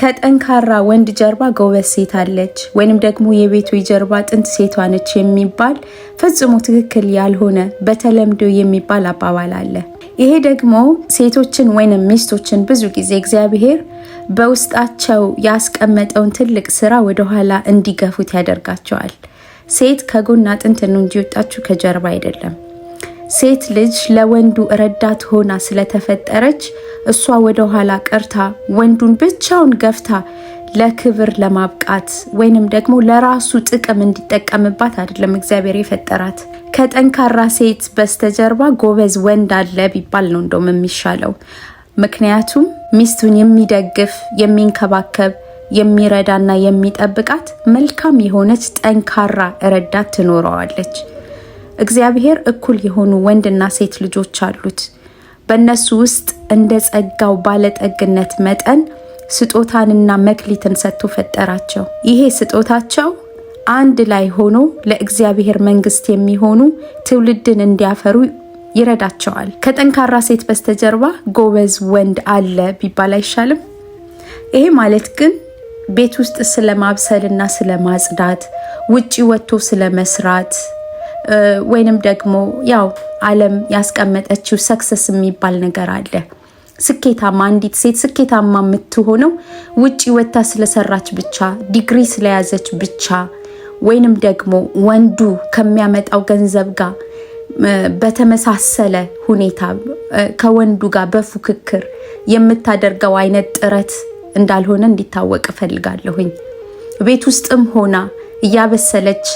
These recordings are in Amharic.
ከጠንካራ ወንድ ጀርባ ጎበዝ ሴት አለች ወይንም ደግሞ የቤቱ የጀርባ አጥንት ሴቷ ነች የሚባል ፈጽሞ ትክክል ያልሆነ በተለምዶ የሚባል አባባል አለ። ይሄ ደግሞ ሴቶችን ወይንም ሚስቶችን ብዙ ጊዜ እግዚአብሔር በውስጣቸው ያስቀመጠውን ትልቅ ስራ ወደኋላ እንዲገፉት ያደርጋቸዋል። ሴት ከጎን አጥንት ነው እንጂ ወጣችሁ ከጀርባ አይደለም። ሴት ልጅ ለወንዱ ረዳት ሆና ስለተፈጠረች እሷ ወደ ኋላ ቀርታ ወንዱን ብቻውን ገፍታ ለክብር ለማብቃት ወይንም ደግሞ ለራሱ ጥቅም እንዲጠቀምባት አይደለም እግዚአብሔር የፈጠራት። ከጠንካራ ሴት በስተጀርባ ጎበዝ ወንድ አለ ቢባል ነው እንደውም የሚሻለው። ምክንያቱም ሚስቱን የሚደግፍ የሚንከባከብ የሚረዳና የሚጠብቃት መልካም የሆነች ጠንካራ ረዳት ትኖረዋለች። እግዚአብሔር እኩል የሆኑ ወንድና ሴት ልጆች አሉት። በእነሱ ውስጥ እንደ ጸጋው ባለጠግነት መጠን ስጦታንና መክሊትን ሰጥቶ ፈጠራቸው። ይሄ ስጦታቸው አንድ ላይ ሆኖ ለእግዚአብሔር መንግስት የሚሆኑ ትውልድን እንዲያፈሩ ይረዳቸዋል። ከጠንካራ ሴት በስተጀርባ ጎበዝ ወንድ አለ ቢባል አይሻልም? ይሄ ማለት ግን ቤት ውስጥ ስለ ማብሰልና ስለ ማጽዳት፣ ውጪ ወጥቶ ስለ መስራት ወይንም ደግሞ ያው ዓለም ያስቀመጠችው ሰክሰስ የሚባል ነገር አለ። ስኬታማ አንዲት ሴት ስኬታማ የምትሆነው ውጪ ወታ ስለሰራች ብቻ፣ ዲግሪ ስለያዘች ብቻ ወይንም ደግሞ ወንዱ ከሚያመጣው ገንዘብ ጋር በተመሳሰለ ሁኔታ ከወንዱ ጋር በፉክክር የምታደርገው አይነት ጥረት እንዳልሆነ እንዲታወቅ እፈልጋለሁኝ። ቤት ውስጥም ሆና እያበሰለች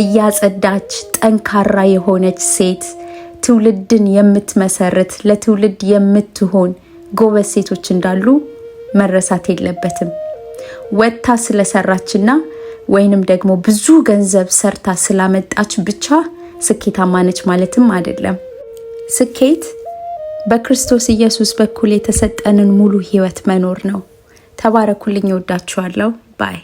እያጸዳች ጠንካራ የሆነች ሴት ትውልድን የምትመሰርት ለትውልድ የምትሆን ጎበዝ ሴቶች እንዳሉ መረሳት የለበትም። ወጥታ ስለሰራችና ወይንም ደግሞ ብዙ ገንዘብ ሰርታ ስላመጣች ብቻ ስኬታማ ነች ማለትም አይደለም። ስኬት በክርስቶስ ኢየሱስ በኩል የተሰጠንን ሙሉ ሕይወት መኖር ነው። ተባረኩልኝ። እወዳችኋለሁ ባይ